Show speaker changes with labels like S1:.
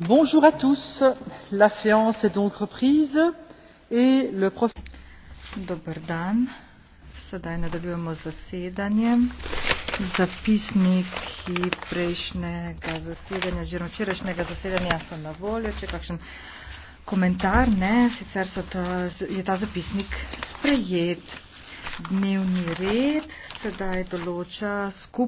S1: Bonjour à tous. La séance est donc reprise et le
S2: Dobar dan. Sedaj nadaljujemo zasedanje. Zapisnik prejšnjega zasedanja, oziroma včerajšnjega zasedanja so na voljo. Če kakšen komentar, ne, sicer ta, je ta zapisnik sprejet. Dnevni red sedaj določa skupaj.